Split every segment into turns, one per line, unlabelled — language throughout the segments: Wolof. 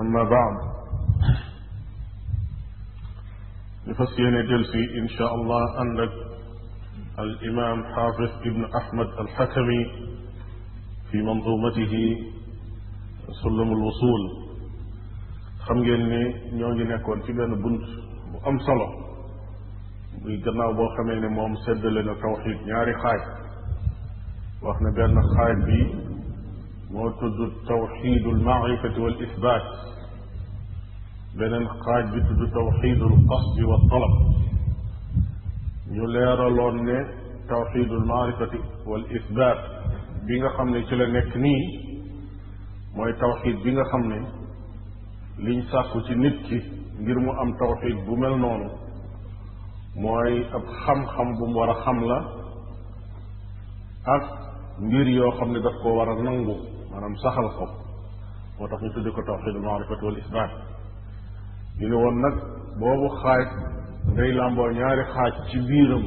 أما بعد لفصيان جلسي إن شاء الله أنك الإمام حافظ ابن أحمد الحكمي في منظومته سلم الوصول خمجيني نيوني نكون في بين بنت أمصلة ويجنا أبو خميني موام سد لنا توحيد نياري خاي وإحنا بأن خاي بي موتد التوحيد المعرفة والإثبات beneen xaaj bi tudd tawxidul qasdi wa talab ñu leeraloon ne tawxidul maarifati wal isbaat bi nga xam ne ci la nekk nii mooy tawxid bi nga xam ne liñ sàkku ci nit ki ngir mu am tawxid bu mel noonu mooy ab xam-xam bu mu war a xam la ak mbir yoo xam ne daf ko war a nangu maanaam saxal ko moo tax ñu tudde ko tawxidul maarifati wal isbaat ñu ne woon nag boobu xaaj day làmboo ñaari xaaj ci biiram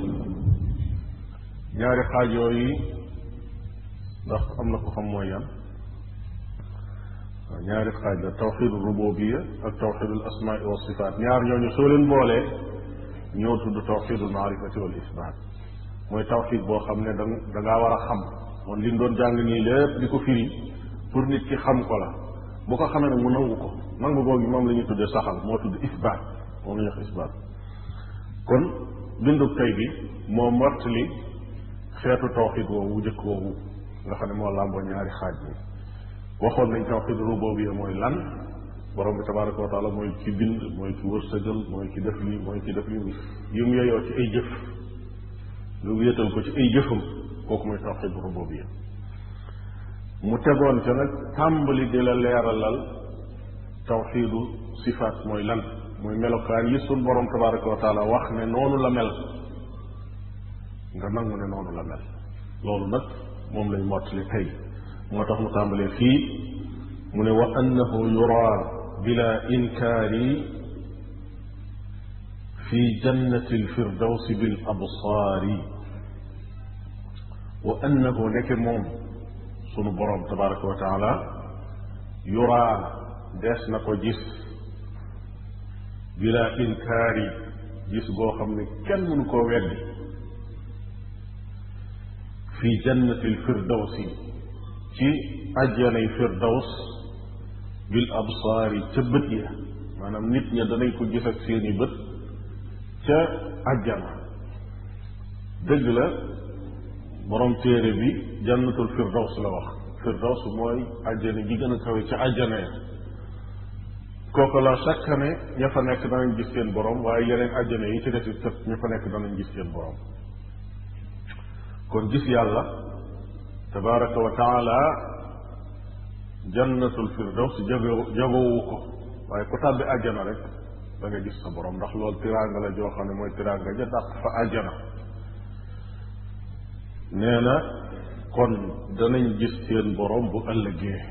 ñaari xaaj yooyu ndax am na ku xam mooy yan ñaari xaaj la tawxidu rububiya ak tawxidul asmaai wa sifaat ñaar ñooñu soo leen boole ñoo tudd tawxidul maarifati wal isbaat mooy tawxid boo xam ne da da war a xam moom li ñu doon jàng nii lépp di ko firi pour nit ki xam ko la bu ko xamee nag mu nangu ko nangu googu moom la ñuy tuddee saxal moo tudd isbaat moom la ñuy wax isbaat kon bindu tey bi moo mottali xeetu tawxid woowu jëkk woowu nga xam ne moo làmboo ñaari xaaj yi waxoon nañ tawxid rububiyya mooy lan borom bi tabaraka wa taala mooy ci bind mooy ci wërsëgal mooy ci def lii mooy ci def lii yu mu yeyoo ci ay jëf mu yëtal ko ci ay jëfam kooku mooy tawxid rububiyya mu tegoon ca nag tàmbali di la leeralal tawxiidu sifaat mooy lan muy melokaan yi sun borom tabaraka wa taala wax ne noonu la mel nga nangu ne noonu la mel loolu nag moom lay mottali tey moo tax mu tàmbalee fii mu ne wa annahu yura bila inkaari fi jannati alfirdawsi bil absaari wa annahu neke moom sunu borom tabaraka wa taala yura des na ko gis bila inkari gis goo xam ne kenn mënu koo weddi fi jannati lfirdawsi ci ajjanay firdaws bil absaari ca bët ya maanaam nit ña danañ ko gis ak seeni bët ca ajjana dëgg la borom téere bi jannatul firdaws la wax firdaws mooy àjjana gi gën a kawe ci àjjana ya kooku la chaque année ña fa nekk danañ gis seen borom waaye yeneen àjjana yi ci desit sët ña fa nekk danañ gis seen borom kon gis yàlla tabaraka wa taala jannatul firdaws jabowu ko waaye ku tàbbi àjjana rek da nga gis sa borom ndax loolu tiraanga la joo xam ne mooy tiraanga ja dàq fa àjjana نانا كون دانين جيس سين بروم بو ألغيه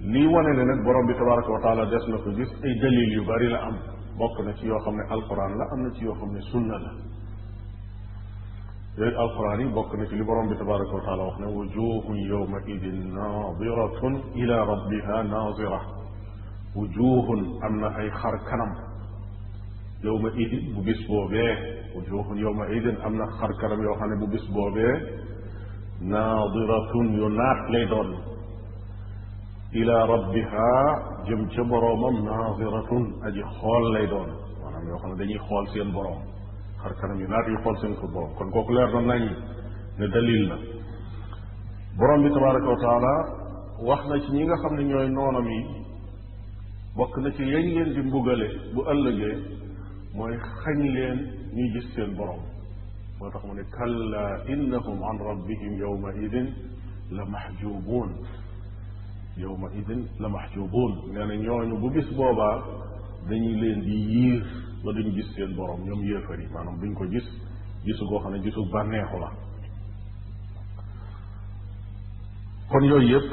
لي وانا نك بروم تبارك وتعالى ديس نكو جيس اي دليل يو باري لا ام بوك نا سي يو خامني القران لا ام نا سي يو خامني سنه لا يا القران بوك نا سي لي بروم تبارك وتعالى واخنا وجوه يوم اذن ناظره الى ربها ناظره وجوه امنا اي خر كنم yow a idi bu bis boobee wujuhun yow ma idin am na xar kanam yoo xam ne bu bis boobee naadiratun yu naat lay doon ila rabbiha jëm ca boroomam naadiratun a xool lay doon maanaam yoo xam ne dañuy xool seen boroom xar kanam yu naat yu xool seen ko boroom kon kooku leer na nañ ne dalil la borom bi tabaraka wax na ci ñi nga xam ne ñooy noonam yi na ci bu ëllëgee mooy xañ leen ñuy gis seen borom moo tax mu ne kalla innahum an rabbihim yowma idin la mahjubuun yowma idin la mahjubuun nee na ñooñu bu gis boobaa dañu leen di yiir ba duñ gis seen borom ñoom yéefar yi maanaam duñ ko gis gisu goo xam ne gisu bànneexu la kon yooyu yëpp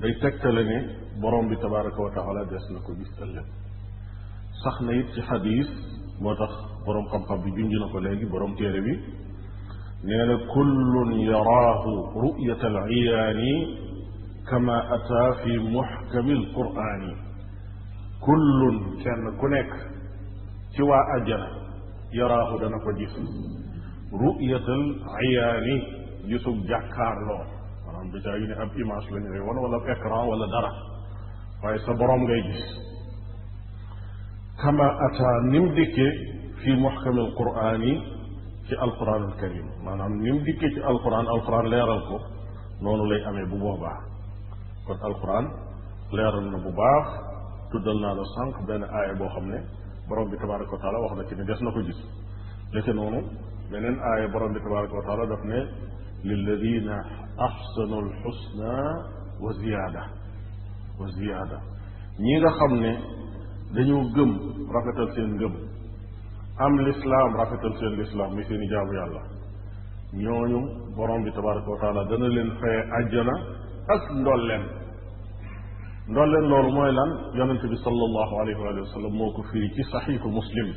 day tegtale ne borom bi tabaraka wa taala des na ko gis ëllëg sax na it ci xadis moo tax borom xam-xam bi junj na ko léegi borom téere bi nee na kullun yaraahu ru'yat al-iyaani kama ata fi muxkami al-qur'aani kullun kenn ku nekk ci waa ajjana yaraahu dana ko gis ru'yat al-iyaani gisub jàkkaarloo maanaam bi caa ne ab image lañ lay wan wala écran wala dara waaye sa borom ngay gis كما أتى نمدك في محكم القرآن في القرآن الكريم ما نعم نمدك في القرآن القرآن لا يرلك نون لي أمي بوابا كنت القرآن لا يرلنا بوابا تدلنا لسانك بين آية بوخمنا برغم تبارك وتعالى وخنا كنت جسنا كجس لكن نون بينن آية برغم تبارك وتعالى دفني للذين أحسنوا الحسنى وزيادة وزيادة نيغا خمني dañoo gëm rafetal seen ngëm am lislaam rafetal seen lislaam muy seen i yàlla ñooñu borom bi tabaraka wa taala dana leen faye ndool leen ndolleen ndolleen loolu mooy lan yonente bi sallallahu alayhi wa moo ko firi ci saxiixu muslim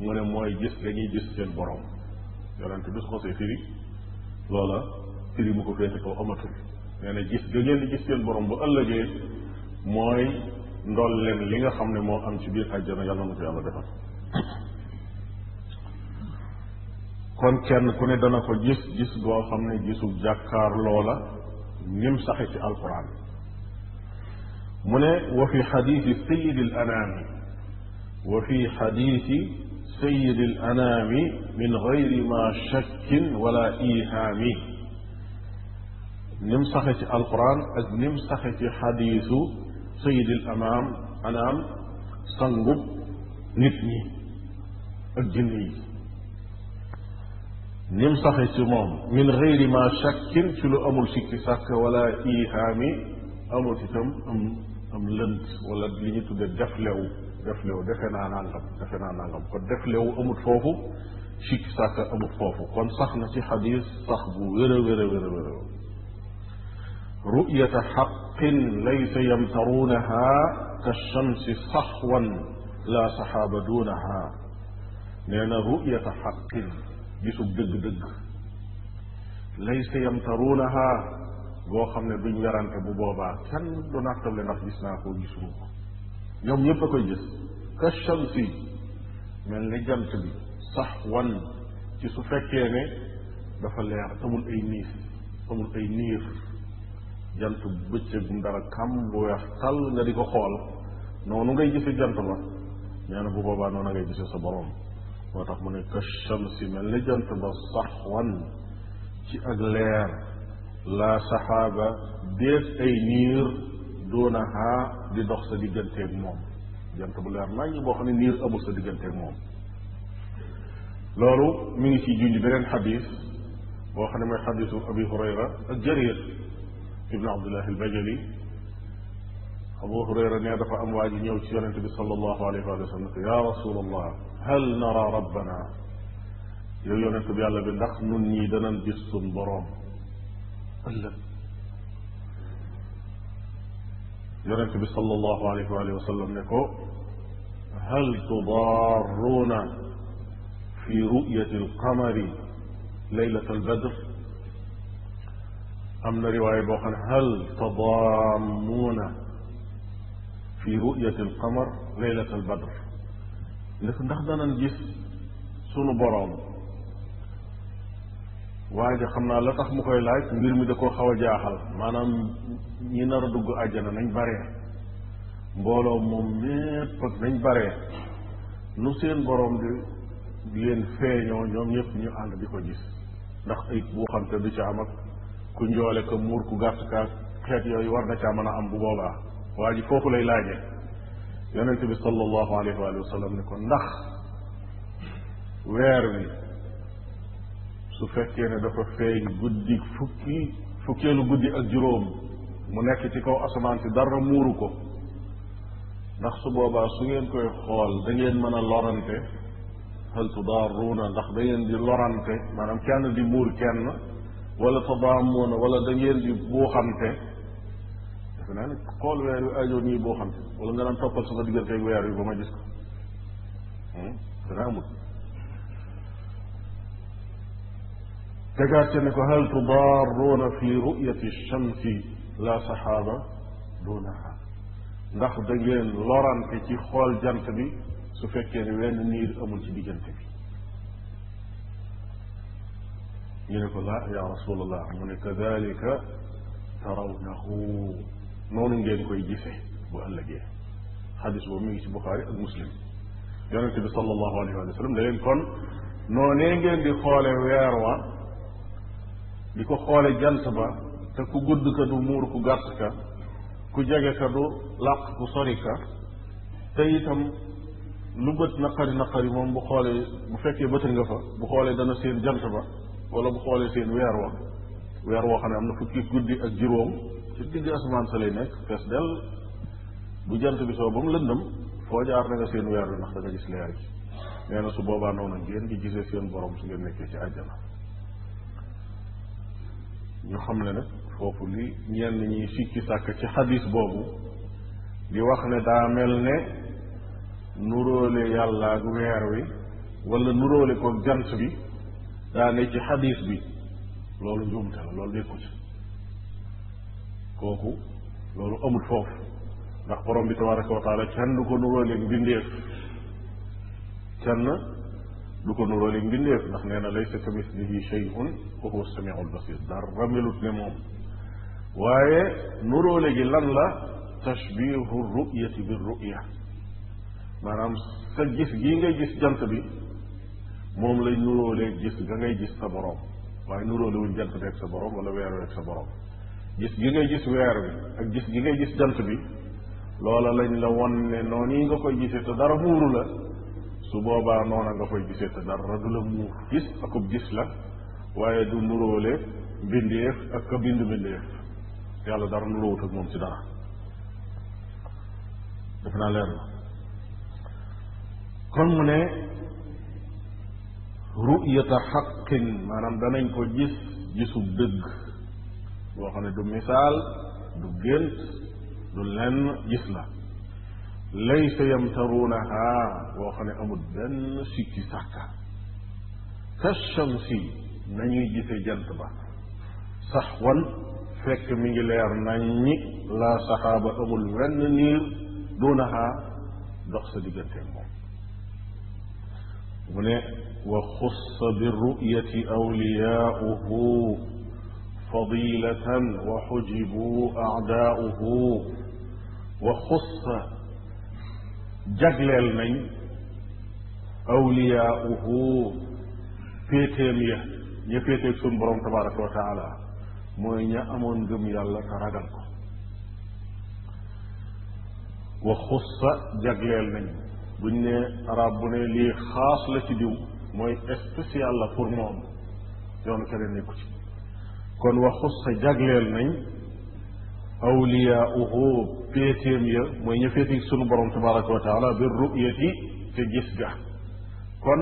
mu ne mooy gis dañuy gis seen borom yonente bis xosee firi loola firi mu ko féete kaw amatul nee na gis da ngeen gis seen borom ba ëllëgee mooy ndol ndolleen li nga xam ne moo am ci biir àjjana yàlla na ko yàlla defal kon kenn ku ne dana ko gis gis goo xam ne gisu jàkkaar loola nim saxe ci alquran mu ne wa fi xadiisi sayid al anaami wa fi xadiisi sayid al anaami min gayri ma shakkin wala ihaami nim saxe ci alquran ak nim saxe ci xadiisu سيد الامام انام صنغب نتني الجني نم صحي سموم من غير ما شك تلو امول شك ساك ولا ايهام امول تتم ام ام لنت ولا بلي تود دفلو دفلو دفنا نانغم دفنا نانغم كو دفلو امول فوفو شك ساك امول فوفو كون صحنا في حديث صحبو ورو ورو ورو ورو رؤية حق ليس يمترونها كالشمس صحوا لا صحاب دونها لأن رؤية حق جسو دق دق ليس يمترونها بو خمنا دون يران كبوبوبا كان دون أكتب لنا جسنا أخو جسو يوم يبقى جس كالشمس من لجم تبي صحوا جسو فكيني دفل يعتمل أي نيس تمل أي نيس jant bëccëgum dara kam bu weex tàll nga di ko xool noonu ngay gise jant ba nee na bu boobaa noonu ngay gise sa borom moo tax mu ne ka shamsi mel ni jant ba saxwan ci ak leer la saxaaba déet ay niir doonaha di dox sa digganteeg moom jant bu leer naññ boo xam ne niir amul sa digganteeg moom loolu mu ngi ci junj beneen xadis boo xam ne mooy xadisu abi hurayra ak jarir ابن عبد الله البجلي ابو هريره نيا دفع امواج نيو النبي صلى الله عليه واله وسلم يا رسول الله هل نرى ربنا يو يونت بي الله بن دخ نون ني دنان بي سون بروم الله صلى الله عليه واله وسلم نكو هل تضارون في رؤيه القمر ليله البدر am na riwaay boo xam ne hal tadaamuuna fi ru'yati alqamar leylat albadr ndax ndax danañ gis sunu boroom waaye xam naa la tax mu koy laaj mbir mi da koo xaw a jaaxal maanaam ñi nar a dugg àjjana nañ baree mbooloo moom mépp ak nañ baree nu seen boroom di leen feeñoo ñoom ñëpp ñu ànd di ko gis ndax ayit boo xam te du ci am ak ku njoole ko muur ku gàtt kaas xeet yooyu war na caa mën a am bu boobaa waa ji foofu lay laaje yonente bi sallallahu alayhi wa sallam ne ko ndax weer wi su fekkee ne dafa feeñ guddi fukki fukkeelu guddi ak juróom mu nekk ci kaw asamaan si dara muuru ko ndax su boobaa su ngeen koy xool da ngeen mën a lorante hal tudaaruuna ndax da ngeen di lorante maanaam kenn di muur kenn wala tadamuna wala da ngeen di buuxante defe naa ne xol wéru wi ni bo xamte wala nga nan topal sama diggante ak wéru bu ma gis ko dana amul tegaat ca ne ko hal tudaruna fi ruyati ash shamsi la sahaba dunaha ndax da ngeen lorante ci xol jant bi su fekkee ne wenn niir amul ci diggante bi يقول لا يا رسول الله من كذلك ترونه نون جيد كوي جيسه وقال لك حديث بومي في بخاري المسلم يونس بي صلى الله عليه وسلم لين كون نون نجين دي خولي وير وا ديكو خولي جانت با تا كو غود كا دو مور كو غات كا كو جاغي كا دو لاق كو سوري كا تيتم lu bët naqari naqari moom bu xoolee bu fekkee bëtt nga fa bu xoolee dana seen jant wala bu xoolee seen weer wa weer woo xam ne am na fukki guddi ak juróom ci digg asamaan sa lay nekk fees del bu jant bi soo ba mu lëndëm foo jaar da nga seen weer wi ndax da gis leer gi nee na su boobaa noonu ngeen di gisee seen borom su ngeen nekkee ci àjjana ñu xam ne nag foofu li ñenn ñi sikki sàkk ci xadis boobu di wax ne daa mel ne nuróole yàlla ak weer wi wala nuróole koog jant bi daa ne ci xadiis bi loolu njuumte loolu nekku ci kooku loolu amul foofu ndax borom bi tabaraka wa taala kenn du ko nuróoleeg mbindeef kenn du ko nuróoleeg mbindeef ndax nee na laysa kamislihi shay'un wa huwa a albasir dara melut ne moom waaye nuróole gi lan la tashbihu ruyati bi ruya maanaam se gis gii ngay gis jant bi moom lay nuróolee gis ga ngay gis sa borom waaye nuróole wuñ jant bi ak sa borom wala weer wi sa borom gis gi ngay gis weer bi ak gis gi ngay gis jant bi loola lañ la won ne noonu yi nga koy gisee te dara muuru la su boobaa noona nga koy gisee te dara du la muur gis akub gis la waaye du nuróole mbindeef ak ka bind mbindeef yàlla dara nuróowut ak moom ci dara def naa leer la kon ne ru'yata xaqin maanaam danañ ko gis gisu dëgg boo xam ne du misaal du gént du lenn gis la laysa yamtaruunaha boo xam ne amul benn sikki sàkka ka shamsi nañuy gisee jant ba sax wan fekk mi ngi leer nañ laa laa saxaaba amul wenn niir duunaha dox sa digganteeg moom هنا وخص بالرؤية أولياؤه فضيلة وحجبوا أعداؤه وخص جغل من أولياؤه بيتمية يبيت سنبرون تبارك وتعالى موين يأمون جميع يالله تراغلكم وخص جغل من buñ ne arab bu ne lii xaas la ci diw mooy spécial la pour moom yoonu keneen nekku ci kon waxus sa jagleel nañ awliyauhu péetéem ya mooy ñu féeti sunu borom tabaraka wa taala bi ruyati te gis ga kon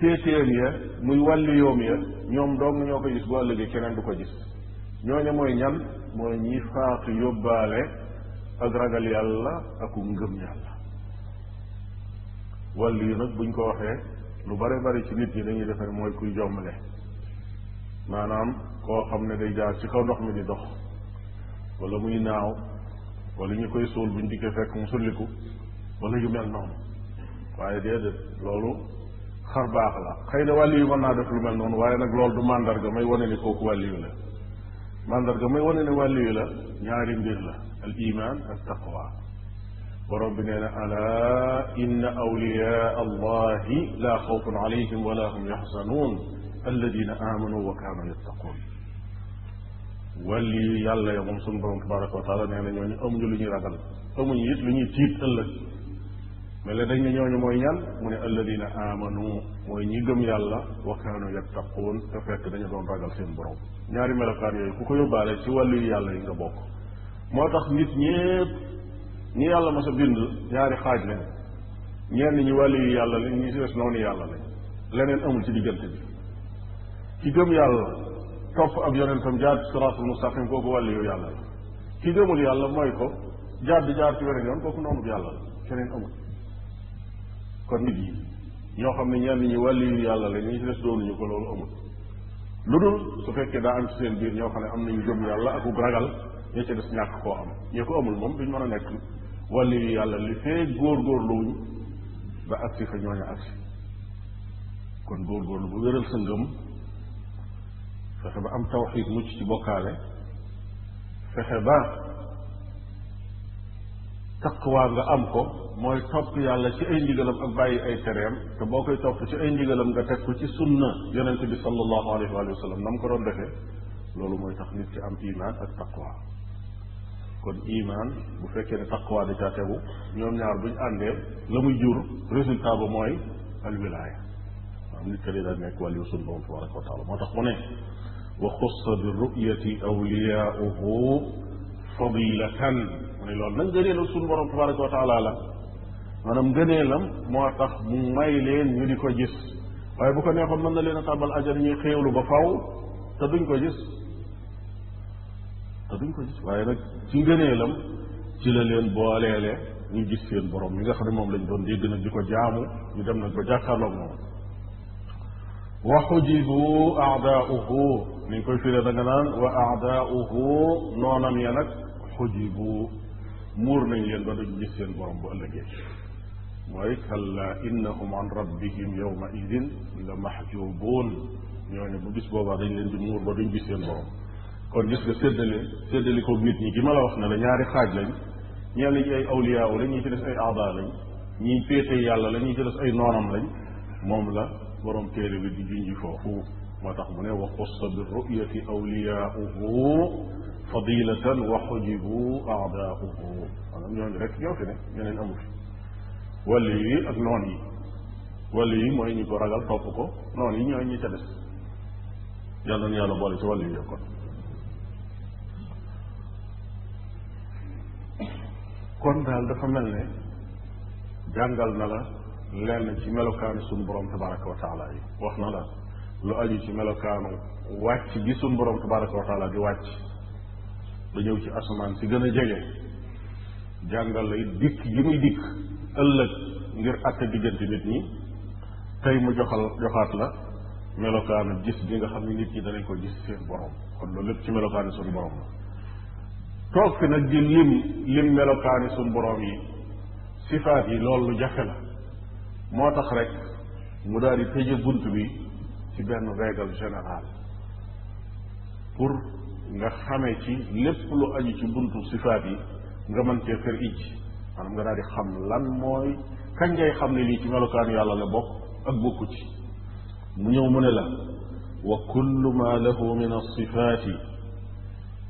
péetéem ya muy wàlli yoom ya ñoom dong ñoo ko gis bu ëllëgee keneen du ko gis ñooñu mooy ñan mooy ñi faatu yóbbaale ak ragal yàlla aku ngëm yàlla wàllu yi nag buñ ko waxee lu bare bari ci nit ñi dañuy defe ne mooy kuy jommale maanaam koo xam ne day jaar ci kaw ndox mi di dox wala muy naaw wala ñu koy suul buñ dikkee fekk mu sulliku wala yu mel noonu waaye déedéet loolu xar baax la xëy na wàllu yi mën naa def lu mel noonu waaye nag loolu du mandarga may wone ni kooku wàllu yu la mandarga may wane ne wàllu la ñaari mbir la al iman ak taqwa وربنا الا ان اولياء الله لا خوف عليهم ولا هم يحزنون الذين امنوا وكانوا يتقون ولي يلا يا موسى بن تبارك وتعالى نانا نيوني امنو لي ني راغال امنو يي لي ني تيت الله ملي داني نيوني موي نيال من الذين امنوا موي ني گم يالا وكانوا يتقون تفك داني دون راغال سين بروم نياري ملوكار يوي كوكو يوبالي سي ولي يالا يي نغا بوك موتاخ نيت نييب ñi yàlla mas a bind ñaari xaaj lañ ñenn ñi wàlli yu yàlla lañ ñi si des noonu yàlla lañ leneen amul ci diggante bi ki gëm yàlla topp ab yonentam jaar ci siraatul mustaqim kooku wàlli yàlla la ki yàlla mooy ko jaar di jaar ci weneen yoon kooku yàlla la keneen yi ñoo xam ne ñenn ñi wàlli yu yàlla lañ ñi si des doonuñu ko loolu amul lu dul su fekkee daa am ci seen biir ñoo xam ne am nañu gëm yàlla ak ragal ña ci des ñàkk koo am ñi ko amul moom duñ mën a nekk wala yu yàlla li fee góorgóorluwuñ ba agsi fa ñooñu agsi kon góor góorgóorlu bu wéral sa ngëm fexe ba am tawxiid mucc ci bokkaale fexe ba taqwaa nga am ko mooy topp yàlla ci ay ndigalam ak bàyyi ay tereem te boo koy topp ci ay ndigalam nga teg ko ci sunna yonente bi sallallahu alayhi wa sallam na mu ko doon defee loolu mooy tax nit ki am iman ak taqwa kon iman bu fekkee ne taqwa da caa tegu ñoom ñaar buñ àndee la muy jur résultat ba mooy al wilaya am nit ka day daal nekk wàllu sun borom tabaraka wa taala moo tax mu ne wa xussa bi ruyati awliyauhu fadilatan mu ne loolu nag ngëneelu sun borom tabaraka wa taala la maanaam ngëneelam moo tax mu may leen ñu di ko gis waaye bu ko neexoon mën na leen a tàbbal ajar ñuy xéewlu ba faw te duñ ko gis te duñ ko gis waaye nag ci ngëneelam ci la leen booleele ñu gis seen borom mi nga xam ne moom lañ doon dégg nag di ko jaamu ñu dem nag ba jàkkaarloog moom wa xujibu aadaauhu ni nga koy firee da nga naan wa aadaauhu noonam ya nag xujibu muur nañ leen ba duñ gis seen borom bu ëllëgee mooy kalla innahum an rabbihim yawma idin la mahjubuun ñooñu bu bis boobaa dañ duñ gis seen borom kon gis nga séddale séddale koog nit ñi gi ma la wax na la ñaari xaaj lañ ñenn ñi ay awliya lañ ñi ci def ay aada lañ ñi féete yàlla lañ ñi ci def ay noonam lañ moom la borom téere bi di junji foofu moo tax mu ne wa xussa bi ruyati awliya'uhu fadilatan wa hujibu a'da'uhu maanaam ñooñu rek ñoo fi ne ñeneen amu fi wali yi ak noon yi wali yi mooy ñi ko ragal topp ko noon yi ñooy ñi ca des yàlla na yàlla boole ci wali yi yokkoon kon daal dafa mel ne jàngal na la lenn ci melokaanu suñu borom tabaraka wa wax na la lu aju ci melokaanu wàcc gi suñu borom tabaraka wa taala di wàcc ba ñëw ci asamaan si gën a jege jàngal la it dikk gi muy dikk ëllëg ngir àtte diggante nit ñi tey mu joxal joxaat la melokaanu gis gi nga xam ne nit ñi danañ ko gis seen borom kon loolu lépp ci melokaanu suñu borom la toog fi nag di lim lim melokaani suñ borom yi sifaat yi loolu lu jafe la moo tax rek mu daal di tëje bunt bi ci benn règle générale pour nga xamee ci lépp lu aju ci buntu sifaat yi nga mën cee fër ij maanaam nga daal di xam lan mooy kañ ngay xam ne lii ci melokaanu yàlla la bokk ak bokku ci mu ñëw mu ne la wa kullu ma lahu min alsifaati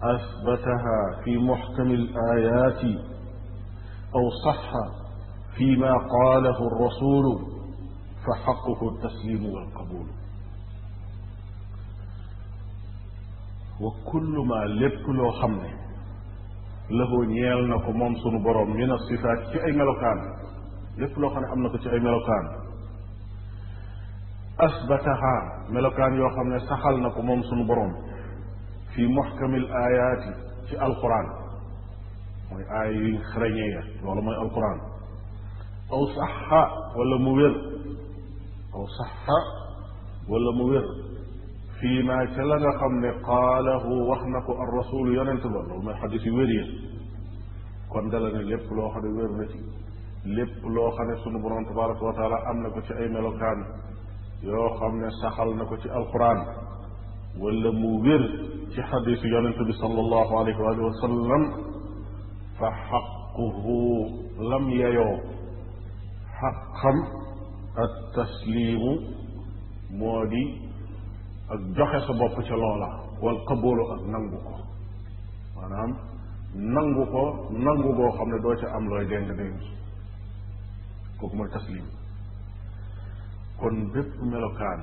أثبتها في محكم الآيات أو صح فيما قاله الرسول فحقه التسليم والقبول وكل ما لبك لو خمني له نيال نكو ممسون بروم من الصفات في أي ملوكان لبك لو خمني أمنك في أي ملوكان أثبتها ملوكان يو خمني سحل نكو ممسون بروم في محكم الآيات في القرآن موي آي خرانيا لولا موي القرآن أو صحة ولا موير أو صحة ولا موير فيما تلغى خمن قاله وحنك الرسول يننتظر لولا موي حديث ويريا كون دلنا لب لو خد ويرنتي لب لو خد سنو برون تبارك وتعالى أمنك في أي ملوكان يو خمن سخل نكو في القرآن ولا مبر في حديث يعني النبي صلى الله عليه وآله وسلم فحقه لم ييو حقا التسليم مودي اك جخه سا بوب سي لولا والقبول اك نانغو كو مانام نانغو كو نانغو بو خامل دو سي ام لوي دين دين كوك مو تسليم كون بيب ملوكان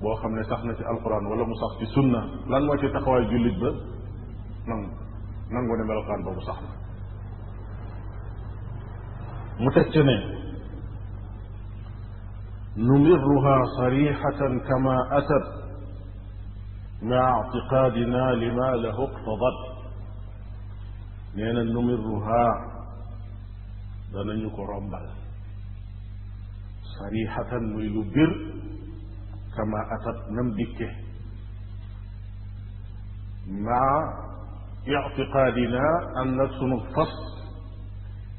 boo xam ne sax na ci alquran wala mu sax ci sunna lan moo ci taxawaay jullit ba nangu nangu ne melokaan boobu sax na mu teg ci ne kama نمرها صريحة كما أتت lahu اعتقادنا nee na اقتضت danañu ko rombal نكو muy lu bir كما أتت نمدك مع اعتقادنا أن نسن الفصل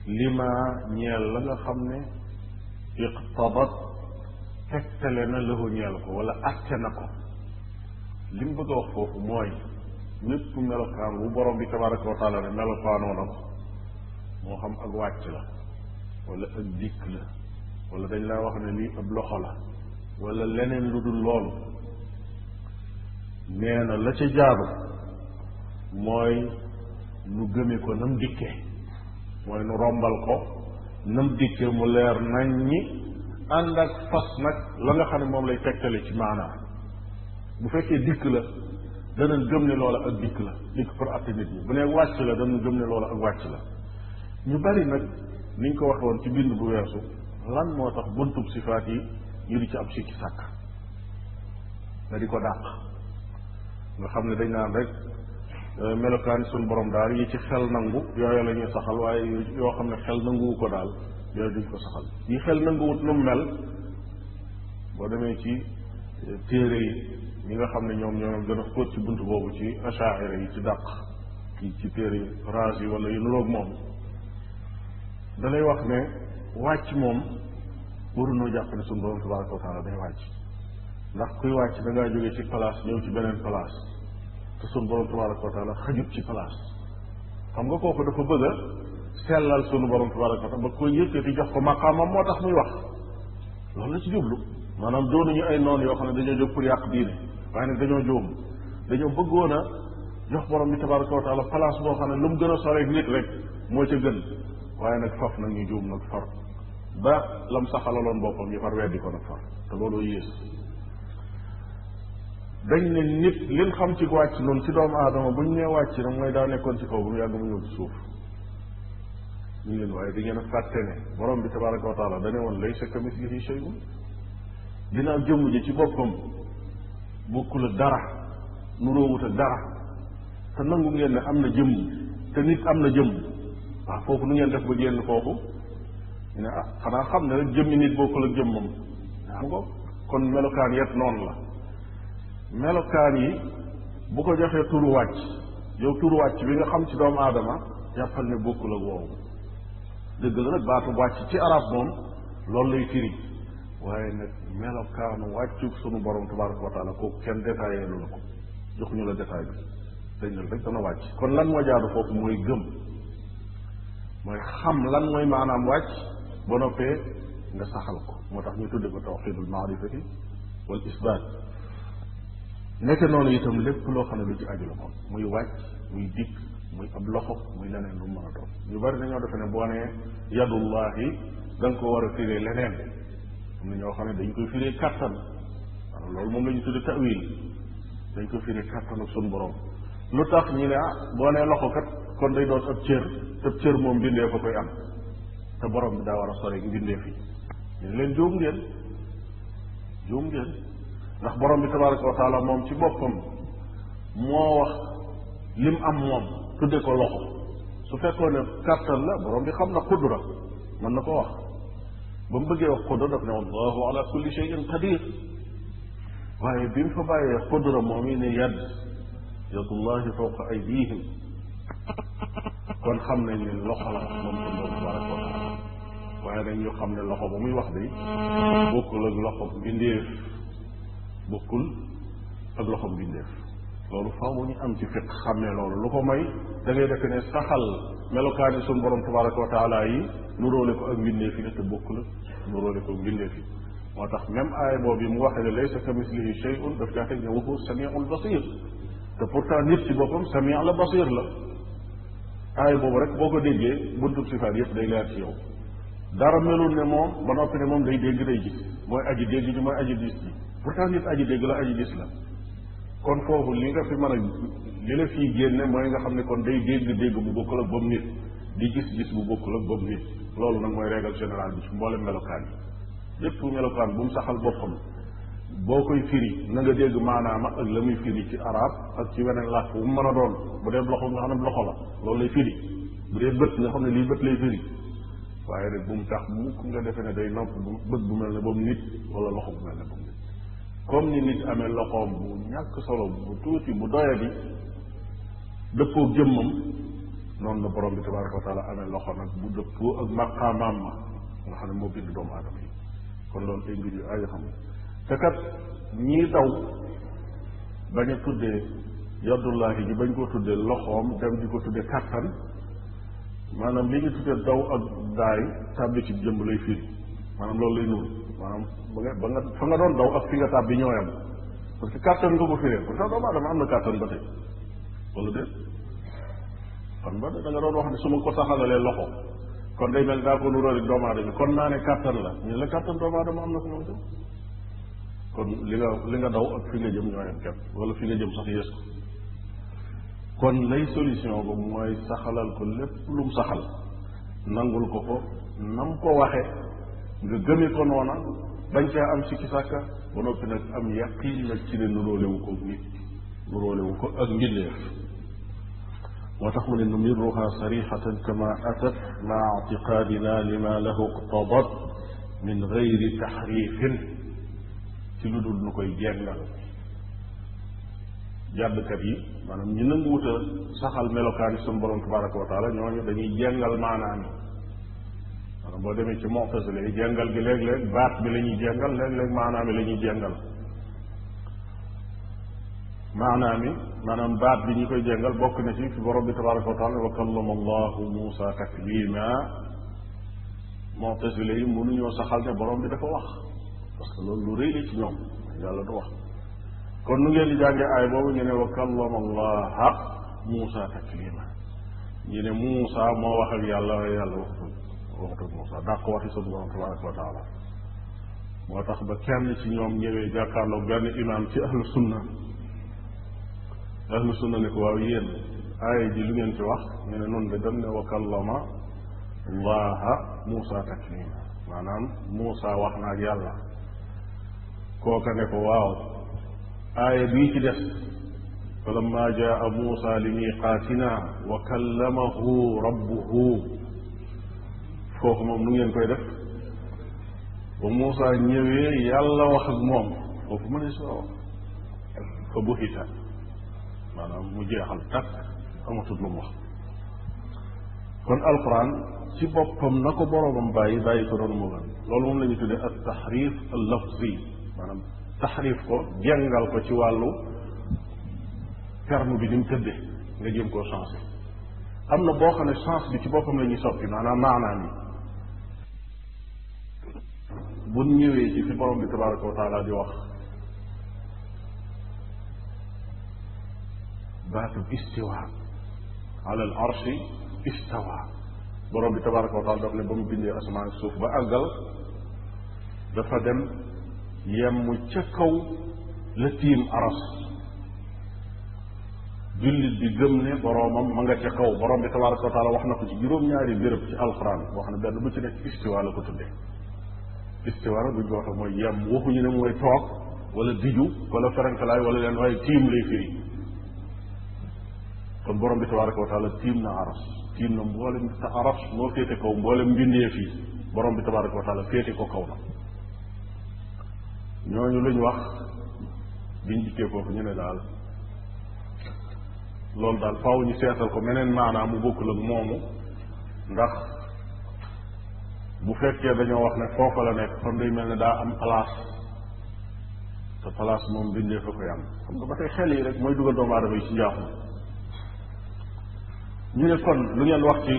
لما نيال لنا خمني اقتضت تكتلنا له نيالك ولا أحسنك لم بدوخوه موي من ملكان وبرم بتبارك وتعالى ملكان ونبه موخم أقواتك ولا أدك ولا دين لا وخنا لي أبلوخ wala leneen lu dul loolu nee na la ci jaadu mooy nu gëme ko nam dikke mooy nu rombal ko nam dikke mu leer nañ ñi ànd ak fas nag la nga xam ne moom lay tegtale ci maanaam bu fekkee dikk la danañ gëm ne loola ak dikk la dikk pour atte nit ñi bu nee wàcc la danañ gëm ne loola ak wàcc la ñu bari nag niñ ko waxoon ci bind bu weesu lan moo tax buntub sifaat yi ñu di ci am sikki sàkk nga di ko dàq nga xam ne dañ naan rek euh, melokaani suñ borom daal yi ci xel nangu yooyu lañuy ñuy saxal waaye yoo xam ne xel nanguwu ko daal yooyu duñ ko saxal yi xel nanguwut lu mel boo demee ci euh, téere yi ñi nga xam ne ñoom ñoo gën a xóot ci bunt boobu ci achaira yi ci dàq ci ci téere yi raas yi wala yu nuroog moom dalay wax ne wàcc moom warunoo jàpp ne suñu borom tabaraka wa taala day wàcc ndax kuy wàcc da ngaa jógee ci place ñëw ci beneen place te suñu borom tabaraka wa taala xajut ci place xam nga kooku dafa bëgg a sellal suñu borom tabaraka wa taala ba koy yëkkati jox ko maqaamam moo tax muy wax loolu la ci jublu maanaam doonuñu ay noon yoo xam ne dañoo jóg pour yàq diine waaye nag dañoo jóom dañoo bëggoon a jox borom bi tabaraka wa taala place boo xam ne lu mu gën a soreeg nit rek moo ca nag faf nag ñu juum nag far ba lam saxalaloon boppam ñu far weddi ko nag te looloo yées dañ ne nit liñ xam ci wàcc noonu ci doomu aadama ñu nee wàcc nag mooy daa nekkoon ci kaw bu mu yàgg mu ñëw ci suuf ñu leen waaye di ngeen a fàtte ne borom bi tabaraka wa taala dane woon laysa kamislihi shay'un ginnaaw jëmm ji ci boppam bokkul ak dara nuróowut ak dara te nangu ngeen ne am na jëmm te nit am na jëmm waaw foofu nu ngeen def ba génn foofu ne ah xanaa xam ne rek jëmmi nit bokkul ak jëmmam xam nga kon melokaan yet noonu la melokaan yi bu ko joxee turu wàcc yow turu wàcc bi nga xam ci doomu aadama jàppal ne bokkul ak woowu dëgg la nag baatu wàcc ci arab moom loolu lay firi waaye nag melokaanu wàccu sunu borom tabaraka wa taala kooku kenn détaillé lu la ko joxuñu la détail bi dañ ne rek dana wàcc kon lan moo jaadu foofu mooy gëm mooy xam lan mooy maanaam wàcc ba nga saxal ko moo tax ñu tudde ko tawxidul maarifati wal isbaat nekk noonu itam lépp loo xam ne lu ci aju la kon muy wàcc muy dikk muy ab loxo muy leneen lu mën a doon ñu bari dañoo defe ne boo nee yadullahi da nga ko war a firee leneen am na ñoo xam ne dañ koy firee kàttan waaw loolu moom la ñu tudde tawil dañ ko firee kàttan ak suñu borom lu tax ñi ne ah loxo kat kon day doon ab cër ab cër moom bindee ko koy am te borom bi daa war a soreeg mbindeef yi ne leen juum ngeen juum ngeen ndax borom bi tabaraka wa taala moom ci boppam moo wax lim am moom tudde ko loxo su fekkoon ne kàttan la borom bi xam na qudra mën na ko wax ba mu bëggee wax qudra daf ne allahu ala kulli cheyin qadir waaye bi mu fa bàyyee qudra moom yi ne yadd yadullahi fawqa aydihim kon xam nañ ne loxo la moom suñ borom tabaraka wa waaye dañ ñu xam ne loxo ba muy wax de bokkul ak loxo bindeef bokkul ak loxo bindeef loolu faaw mu ñu am ci fiq xàmmee loolu lu ko may da ngay defe ne saxal melokaani sun borom tabaraka wa taala yi nuróole ko ak mbindeef yi te bokkul ak nuróole ko ak mbindeef yi moo tax même aay boobu mu waxee ne laysa ka mislihi un daf caa teg ne waxu samiul basir te pourtant nit ci boppam sami la basir la aay boobu rek boo ko déggee buntub sifaat yëpp day leer ci yow dara melul ne moom ba noppi ne moom day dégg day gis mooy aji dégg ji mooy aji gis ji pourtant nit aji dégg la aji gis la kon foofu li nga fi mën a li la fii génne mooy nga xam ne kon day dégg dégg bu bokkul ak boobu nit di gis gis bu bokkul ak boobu nit loolu nag mooy règle général bi ci mboolem melokaan yi lépp melokaan bu mu saxal boppam boo koy firi na nga dégg maanaama ak la muy firi ci arab ak ci weneen làkk bu mu mën a doon bu dee loxo nga xam ne loxo la loolu lay firi bu dee bët ñoo xam ne lii bët lay firi waaye rek bu mu tax mukk nga defe ne day nopp bu bët bu mel ne boobu nit wala loxo bu mel ne boobu nit comme ni nit amee loxoom bu ñàkk solo bu tuuti bu doyadi dëppoo jëmmam noonu la borom bi tabaraka wa taala amee loxo nag bu dëppoo ak maqaamaam ma nga xam ne moo bind doomu aadama yi kon loolu ay mbir yu ay xam te kat ñii daw bañ a tuddee yaddullaahi ji bañ koo tuddee loxoom dem di ko tuddee kattan maanaam li ñu tuddee daw ak daay tàbbi ci jëmb lay firi maanaam loolu lay nuur maanaam ba nga ba nga fa nga doon daw ak fi nga tàbbi ñoo yam parce que kàttan nga ko firee parce wala kon ba da nga doon wax su ma ko taxalalee loxo kon day mel daa ko nuróori doomu kon naa ne kàttan la ñu la kàttan doomu aadama am na ko moom tam kon li nga li nga daw ak fi nga jëm ñoo yam képp wala fi nga jëm sax yées kon lay solution ba mooy saxalal ko lépp lu mu saxal nangul ko ko nam ko waxe nga gëme ko noona bañ caa am sikki sàkka ba noppi nag am yaqin nag ci ne nuróolewu ko nit nuróolewu ko ak ngilleef moo tax mu ne numiruha sarixatan kama atat maa ictiqadina lima lahu iqtadat min gayri taxrifin ci lu dul nu koy jengal jàddkat yi maanaam ñi nanguwut a saxal melokaani suñu borom tabaraka wa taala ñooñu dañuy jengal maanaam maanaam boo demee ci moctasile yi jengal gi léeg-léeg baat bi la ñuy jengal léeg-léeg yi la ñuy jengal maanaam maanaam baat bi ñu koy jengal bokk na ci fi borom bi tabaraka wa taala wa kallama allahu muusa taklima moctasile yi mënuñoo saxal ne borom bi dafa wax parce loolu lu rëy la ci ñoom yàlla du wax kon nu ngeen di jàngee aay boobu ñu ne wa kallama allaha muusa taklima ñu muusa moo wax ak yàlla waaye yàlla waxtu waxtu muusa dàq waxi sunu borom tabaraka wa taala moo tax ba kenn ci ñoom ñëwee jàkkaarloog benn imaam ci ahlu sunna ahlu sunna ne ko waaw yéen aaya ji lu ngeen ci wax ñu ne noonu de dem ne wa kallama muusa taklima maanaam muusa wax na ak yàlla kooka ne ko waaw آية بي دس فلما جاء موسى لميقاتنا وكلمه ربه فوق ممنون ينكوي وموسى نيوي يالا وخذ موم وفي من يسوى فبهتا معنى مجيحل تك أما تظلم وخذ كن alquran ci bopam nako borom baye baye ko don mo lolou mom تحريف كو جنغال كو تي والو فيرمو بي نيم نغا جيم كو شانس امنا بو خاني شانس بي تي بوبام لا ني سوبي مانا معنا ني بو نيوي تي في بوم تبارك وتعالى دي واخ بات استوى على الارش استوى بروم بي تبارك وتعالى دا بوم بيندي اسمان سوف با اغال دا فا دم يم تشكو لتيم أرس جل دي جمنا برام ما نجا تشكو برام بتوار سطالة وحنا في جيروم ياري بيرب في القرآن وحنا بدنا بتشن استوى على كتبه استوى على بيجوا هم يم وهم ينمو يتوق ولا ديجو ولا فرن كلاي ولا لأنه هاي تيم لي فيه كن برام بتوار سطالة تيم نارس تيم نمبوالم تعرفش نوكيتكو مبوالم بيني فيه برام بتوار سطالة فيتكو كونه ñooñu luñ wax biñ dikkee foofu ñu ne daal loolu daal faaw ñu seetal ko meneen maanaam mu bokkul ak moomu ndax bu fekkee dañoo wax ne foofa la nekk kon day mel ne daa am place te place moom bindee fa koy am xam nga ba tey xel yi rek mooy dugal doomu aadama yi ci njaaxum ñu ne kon lu ngeen wax ci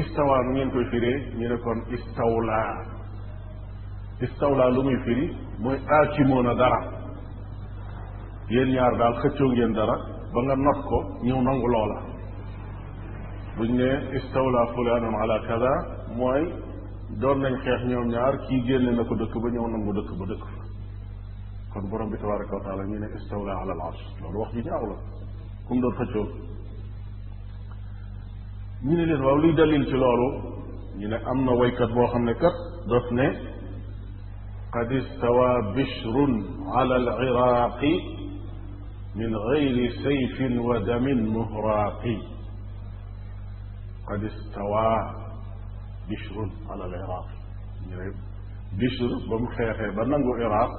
istawa nu ngeen koy firee ñu ne kon istawlaa istawlaa lu muy firi mooy aacimoon a dara yéen ñaar daal xëccoo ngeen dara ba nga not ko ñëw nangu loola buñ ne istawlaa fulaanun ala kada mooy doon nañ xeex ñoom ñaar kii génne na ko dëkk ba ñëw nangu dëkk ba dëkk kon borom bi tabaraka wa ñu ne istawlaa ala al arsh loolu wax ju ñaaw la doon xëccoo ñu ne leen waaw luy dalil ci loolu ñu ne am na woykat boo xam ne kat daf ne قد استوى بشر على العراق من غير سيف ودم مهراق قد استوى بشر على العراق بشر بمخيخ خيخه عراق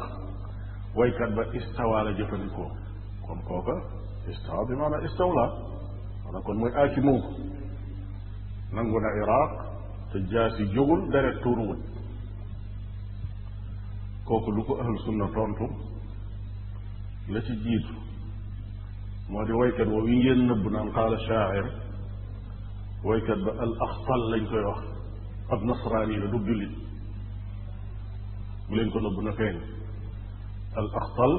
ويكاد با استوى لا جفنكو كون كوكا استوى بمعنى استولى انا كون موي اكي مو نانغو عراق تجاسي جغل دارت تورون kooku lu ko ahlu sunna tontu la ci jiitu moo di waykat woowu yi ngeen nëbb naan qaala shaair waykat ba al axtal lañ koy wax ab nasraani la du jullit bu leen ko nëbb na feeñ al axtal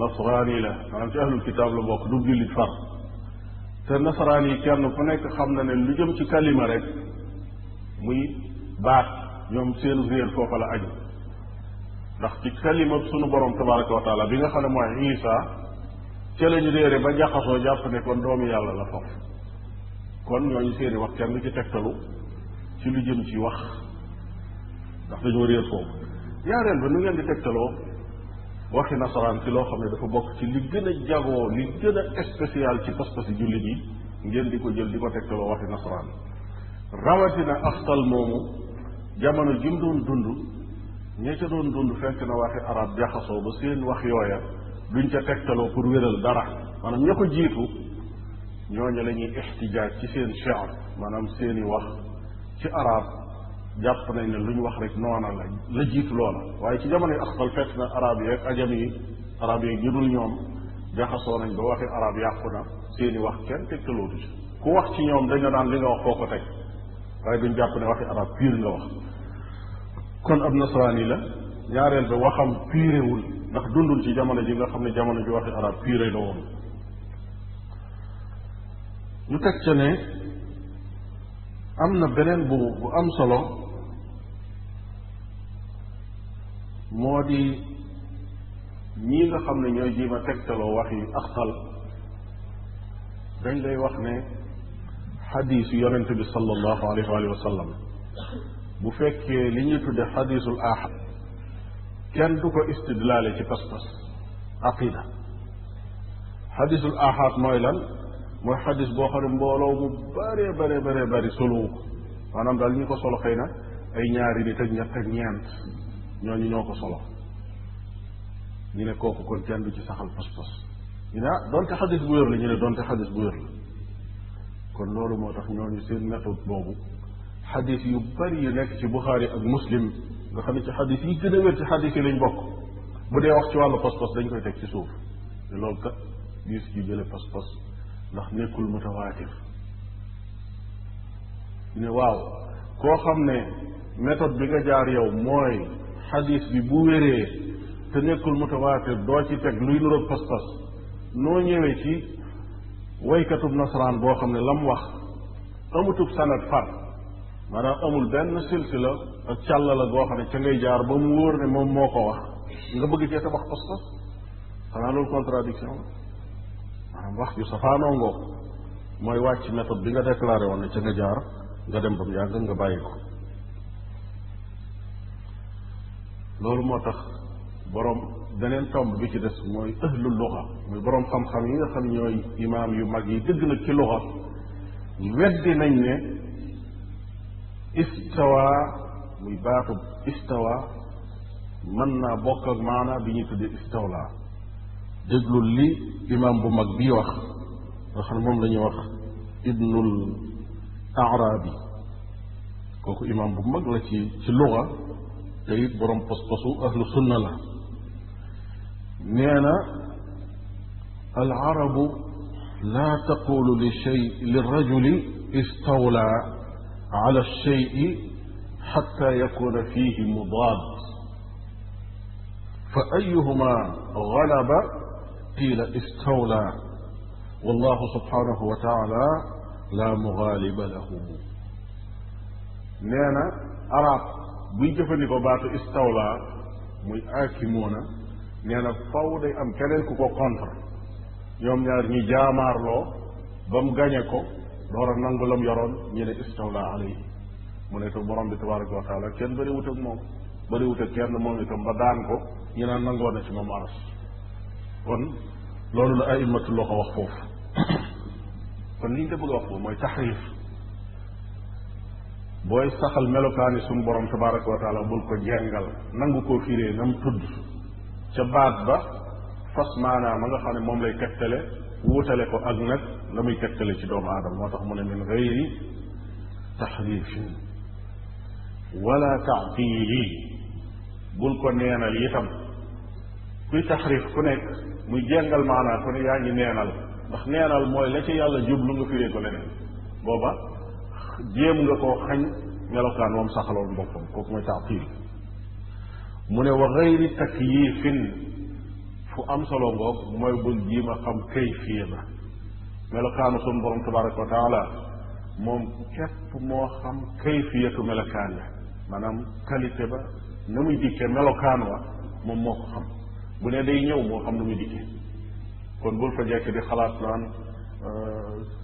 nasraani la maanaam ci ahlul kitaab la bokk du jullit far te nasaraan yi kenn ku nekk xam na ne lu jëm ci kalima rek muy baat ñoom seen réer foofa la aju ndax ci kalima sunu borom tabaraka wa bi nga xam ne mooy Isa ca la ñu réere ba jaxasoo jàpp ne kon doomu yàlla la foofu kon ñooñu seeni wax kenn ci tegtalu ci lu jëm ci wax ndax dañoo réer foofu ñaareel ba nu ngeen di tegtaloo waxi nasaraan ci loo xam ne dafa bokk ci li gën a jagoo li gën a spécial ci pas-pasi jullit yi ngeen di ko jël di ko tegtaloo waxi nasaraan rawatina axtal moomu jamono jim doon dund ña ca doon dund fekk na waxi arab jaxasoo ba seen wax yooya duñ ca tegtaloo pour wéral dara maanaam ña ko jiitu ñooñu la ñuy ixtijaaj ci seen chér maanaam seen i wax ci arab jàpp nañ ne lu ñu wax rek noona la la jiitu loola waaye ci jamono jamonoy axtal fekk na arab yeeg ajam yi arab yeeg ñu ñoom jaxasoo nañ ba waxi arab yàqu na seen i wax kenn tegtalootu ci ku wax ci ñoom dañ la naan li nga wax foo ko teg waaye duñ jàpp ne waxi arab pire nga wax kon ab nasraani la ñaareel ba waxam piirewul ndax dundul ci jamono ji nga xam ne jamono ji waxi arab piire la woon ñu teg ca ne am na beneen bu bu am solo moo di ñii nga xam ne ñooy jiima tegtaloo wax yi axtal dañ lay wax ne xadiisu yonente bi sal allahu alayhi wa sallam bu fekkee li ñu tudde xadisul ahad kenn du ko istidlaale ci pas-pas aqida xadisul ahad mooy lan mooy xadis boo xam ne mbooloo mu bare bare bare bari solowu ko maanaam daal ñu ko solo xëy na ay ñaari nit ak ñett ak ñeent ñooñu ñoo ko solo ñu ne kooku kon kenn du ci saxal pas-pas ñu ne ah donte xadis bu wér la ñu ne donte xadis bu wér la kon loolu moo tax ñooñu seen méthode boobu xadis yu bëri yu nekk ci Buxaari ak Muslim nga xam ne ci xadis yi gën a wér ci xadis yi lañ bokk bu dee wax ci wàllu pas-pas dañ koy teg ci suuf te loolu kat diis ci jële pas-pas ndax nekkul mutawaatir ne waaw koo xam ne méthode bi nga jaar yow mooy xadis bi bu wéree te nekkul mutawaatir doo ci teg luy nuroog pas-pas noo ñëwee ci waykatub nasaraan boo xam ne lam wax amutub sanad far maanaam amul benn silsila ak càlla la goo xam ne ca ngay jaar ba mu wóor ne moom moo ko wax nga bëgg cee tabax pas-pas xanaa loolu contradiction wax ju safaanoo ngoog mooy wàcc méthode bi nga déclaré woon ne ca nga jaar nga dem ba mu yàgg nga bàyyi ko loolu moo tax boroom beneen tomb bi ci des mooy ëhlu luxa muy borom xam-xam yi nga xam ñooy imaam yu mag yi dëgg nag ci luxa weddi nañ ne istawa muy baatub istawa mën naa bokk ak maana bi ñuy tuddee istawla déglul li imam bu mag bii wax nga xam moom la ñuy wax ibnul arabi kooku imam bu mag la ci ci luga te it borom pas-pasu ahlu sunna la nee na al arabu la taqulu li shay lirajuli istawla على الشيء حتى يكون فيه مضاد فأيهما غلب قيل استولى والله سبحانه وتعالى لا مغالب له نانا أرى بيجفني قبات استولى مي آكمونا نانا فوضي أم كنلك قو قنطر يوم نار نجامار له بمغانيكو door a nangu lam yoroon ñu ne istawla alayhi mu ne te borom bi tabaraka wa taala kenn bëriwut ak moom bëriwut ak kenn moom itam ba daan ko ñu naan nangoo na ci moom aras kon loolu la aimatu loo ko wax foofu kon liñ te bëgg a wax foofu mooy taxriif booy saxal melokaani suñu borom tabaraka wa taala bul ko jengal nangu koo firee nam tudd ca baat ba fas maanaam ma nga xam ne moom lay tegtale wutale ko ak nag la muy tegtale ci doomu aadama moo tax mu ne min gayri taxrifin wala taatili bul ko neenal itam kuy taxrif ku nekk muy jengal maanaa ku ne yaa ngi neenal ndax neenal mooy la ci yàlla jublu nga firee ko leneen booba jéem nga koo xañ melokaan moom saxaloon boppam kooku mooy taatil mu ne wa gayri takyifin fu am solo ngoog mooy bul jiim a xam kayfiya ba melokaanu sun borom tabaraka wa taala moom képp moo xam kayfiyatu melokaan ya maanaam qualité ba na muy dikkee melokaan wa moom moo ko xam bu ne day ñëw moo xam na muy dikkee kon bul fa jekk di xalaat naan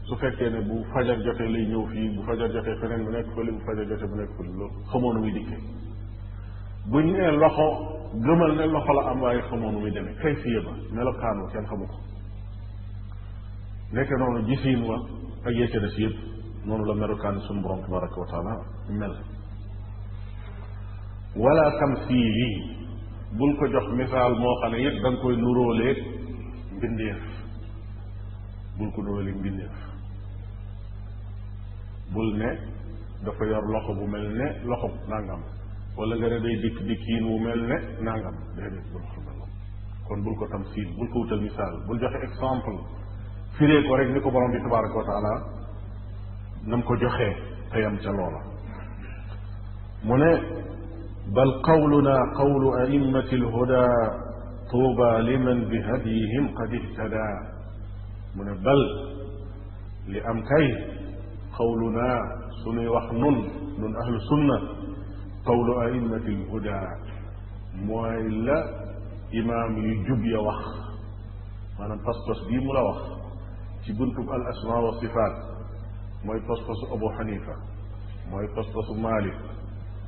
su fekkee ne bu fajar jotee lay ñëw fii bu fajar jotee feneen bu nekk fële bu fajar jotee bu nekk fële loolu xamoo na muy dikkee bu ñu nee loxo gëmal ne loxo la am waaye xamoo nu muy demee kay fiye ba melokaan wa kenn xamu ko nekk noonu gisiin wa ak yecce des yëpp noonu la melokaan suñu borom tabaraka wa taala mel wala tamsiili bul ko jox misaal moo xam ne yëpp da nga koy nuróolee mbindeef bul ko nuróolee mbindeef bul ne dafa yor loxo bu mel ne loxo nangam wala nga ne day dikk dikkiin wu mel ne nangam déedéet bul wax lu kon bul ko tam tamsil bul ko wutal misaal bul joxe exemple firee ko rek ni ko borom bi tabaraka wa taala nam ko joxee te ca loola mu ne bal qawluna qawlu a'immati alhuda tuuba liman bihadyihim qad ihtada mu ne bal li am kay qawluna sunuy wax nun nun ahlu sunna قول أئمة الهدى موالا إمام يجب يوخ وانا تصفص دي ملوخ تبنت الأسماء والصفات موالا تصفص أبو حنيفة موالا تصفص مالك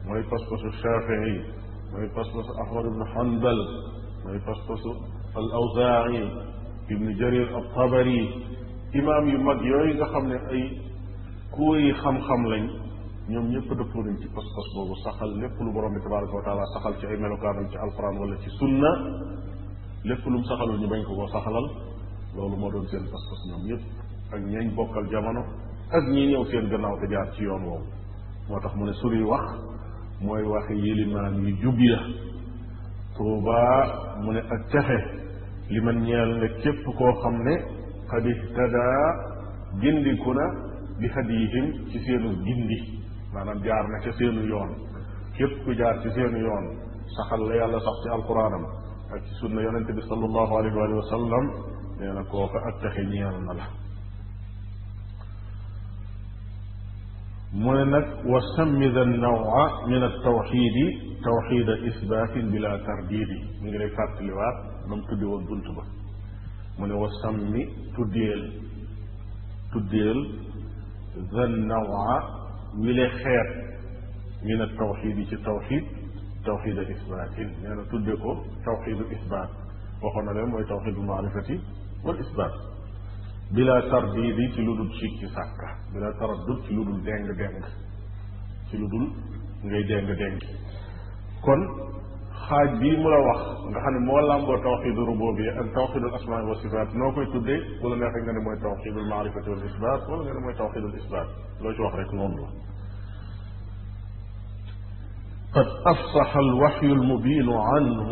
موالا تصفص الشافعي موالا تصفص أحمد بن حنبل موالا تصفص الأوزاعي ابن جرير الطبري إمام يمد يوئي خمني أي كوري خم خم لن ñoom ñëpp dëppoo nañ ci pas-pas boobu saxal lépp lu borom bi tabaraka wa taala saxal ci ay melokaanam ci alquran wala ci sunna lépp lu mu saxalul ñu bañ ko koo saxalal loolu moo doon seen pas-pas ñoom ñëpp ak ñeñ bokkal jamono ak ñi ñëw seen gannaaw te ci yoon woowu moo tax mu ne suñuy wax mooy waxi yilimaan yu jub ya tuuba mu ne ak texe li man ñeel ne képp koo xam ne qad ihtada gindiku na bi hadiyihim ci seenu gindi maanaam jaar na ca seenu yoon képp ku jaar ci seenu yoon saxal la yàlla sax ci alquranam ak ci sunna yonent bi salallahu alayhi wa sallam nee na kooka ak taxe ñeel na la mu ne nag wa sammida nawa min altawxidi tawxida isbaatin bila tardidi mu ngi lay fàttaliwaat ba mu tuddi woon bunt ba mu ne wa sammi tuddeel tuddeel zannawa ñu lay xeet min al tawxid yi ci tawxid tawxid al isbaat in nee na tudde ko tawxidu isbaat waxoon na leen mooy tawxidu maarifati wal isbaat bila tardidi ci lu dul sikki sàkka bila taraddud ci lu dul deng deng ci lu dul ngay deng deng kon xaaj bii mu la wax nga xam ne moo làmboo tawxidu rububi ak tawxidul asmaa wa sifat noo koy tuddee wala la neexee nga ne mooy tawxidu maarifati wal isbat wala nga ne mooy tawxidu tawxidul isbat loo ci wax rek noonu la قد أفصح الوحي المبين عنه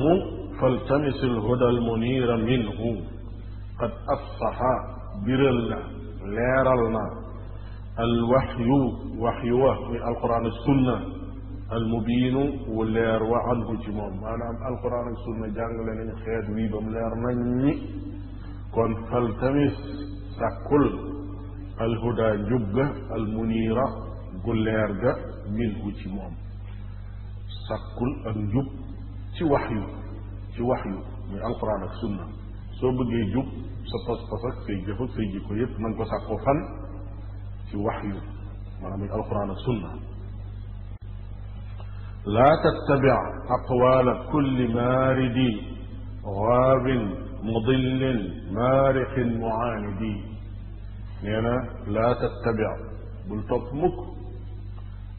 فالتمس الهدى المنير منه قد أفصح برلنا ليرلنا الوحي وحي وهم القرآن السنة المبين والليار وعن بجمال ما نعم القرآن السنة جانجل لن خير ويبم لير نني كون فالتمس تقل الهدى جب المنيرة قل لير جا من بجمال تقل الجب تي وحي تي وحي من القرآن السنة سو بجي جب سفاس فاسك في جفو سيجي كويت من قصاقو فن تي وحي ما نعم القرآن السنة لا تتبع أقوال كل مارد غاب مضل مارق معاند هنا لا تتبع بل تطمك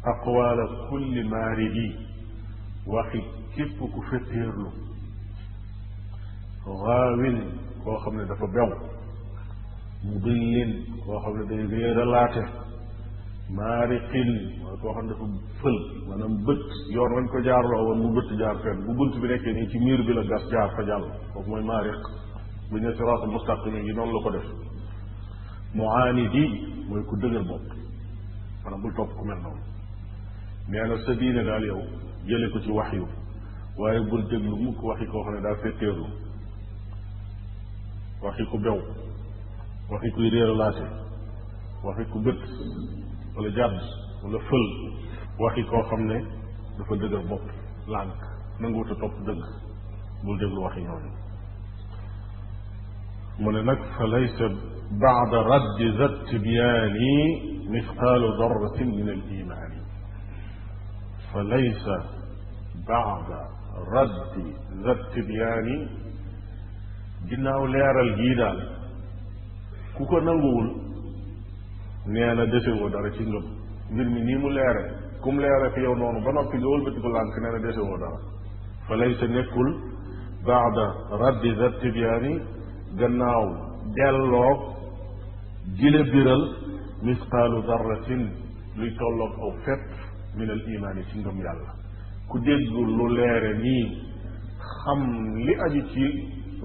أقوال كل مارد واحد كيف كفتير له غاب هو خمنا دفع مضل هو خمنا دفع maariqin mooy koo xam dafa fël maanaam bët yoon lañ ko jaarloo woon mu bëtt jaar fenn bu bunt bi nekkee nii ci miir bi la gas jaar fa jàll foofu mooy maariq bu ñu siraatul mustaqim yi noonu la ko def muaanidi mooy ku dëgër bopp maanaam bul topp ku mel noonu nee na sa diine daal yow jële ko ci waxyu waaye bul déglu mukk waxi koo xam ne daal fetteerlu waxi ku bew waxi kuy réeralaate waxi ku bët wala jabs wala fël waxi koo xam ne dafa dëgër bopp lànk nanguwut a topp dëgg bul déglu waxi ñooñu mu ne nag fa laysa baada raddi zat tibyaani mithqaalu darratin min al imaani fa laysa baada raddi zat tibyaani ginnaaw leeral gii daal ku ko nanguwul nee na desewoo dara ci ngëm mbir mi nii mu leere kum leere fi yow noonu ba noppi nga wëlbati ko lànk nee na desewoo dara fa laysa nekkul baada raddi da tibiyaani gannaaw delloo gile biral misqaalu darratin luy tolloog aw fépp min al imaani ci ngëm yàlla ku déggul lu leere nii xam li aju ci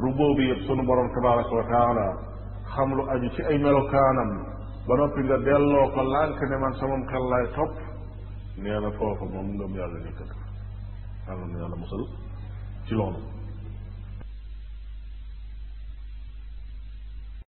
ruboobi yëpp sunu borom tabaraka wa taala xam lu aju ci ay melokaanam ba noppi nga delloo ko lànk ne man sama xel laay topp nee na foofa moom ngëm yàlla nekkatu yàlla na yàlla musal ci loolu